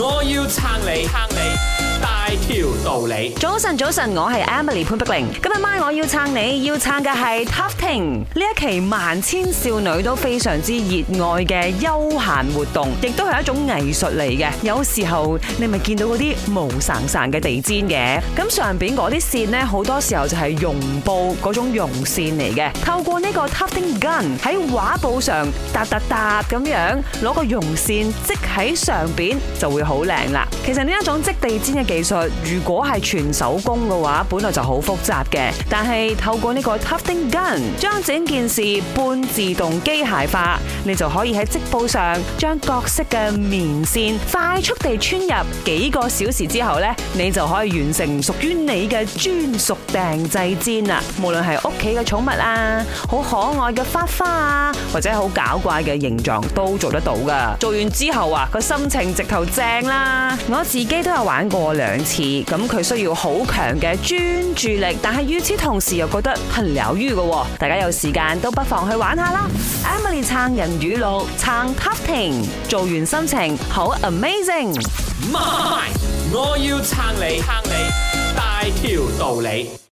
我要撐你，撐你大條道理。早晨，早晨，我係 Emily 潘碧玲。今日晚我要撐你，要撐嘅係 tufting。呢一期萬千少女都非常之熱愛嘅休閒活動，亦都係一種藝術嚟嘅。有時候你咪見到嗰啲毛曬曬嘅地氈嘅，咁上邊嗰啲線呢，好多時候就係絨布嗰種絨線嚟嘅。透過呢個 tufting Gun，喺畫布上嗒嗒嗒咁樣攞個絨線即喺上邊就會。好靚啦！其實呢一種織地氈嘅技術，如果係全手工嘅話，本來就好複雜嘅。但係透過呢個 tufting gun，將整件事半自動機械化，你就可以喺織布上將各式嘅棉線快速地穿入。幾個小時之後咧，你就可以完成屬於你嘅專屬定製氈啦！無論係屋企嘅寵物啊，好可愛嘅花花啊，或者好搞怪嘅形狀都做得到噶。做完之後啊，個心情直頭正。啦，我自己都有玩過兩次，咁佢需要好強嘅專注力，但係與此同時又覺得很療癒嘅，大家有時間都不妨去玩一下啦。Emily 撐人語錄，撐 tapping 做完心情好 amazing，我要撐你，撐你，大條道理。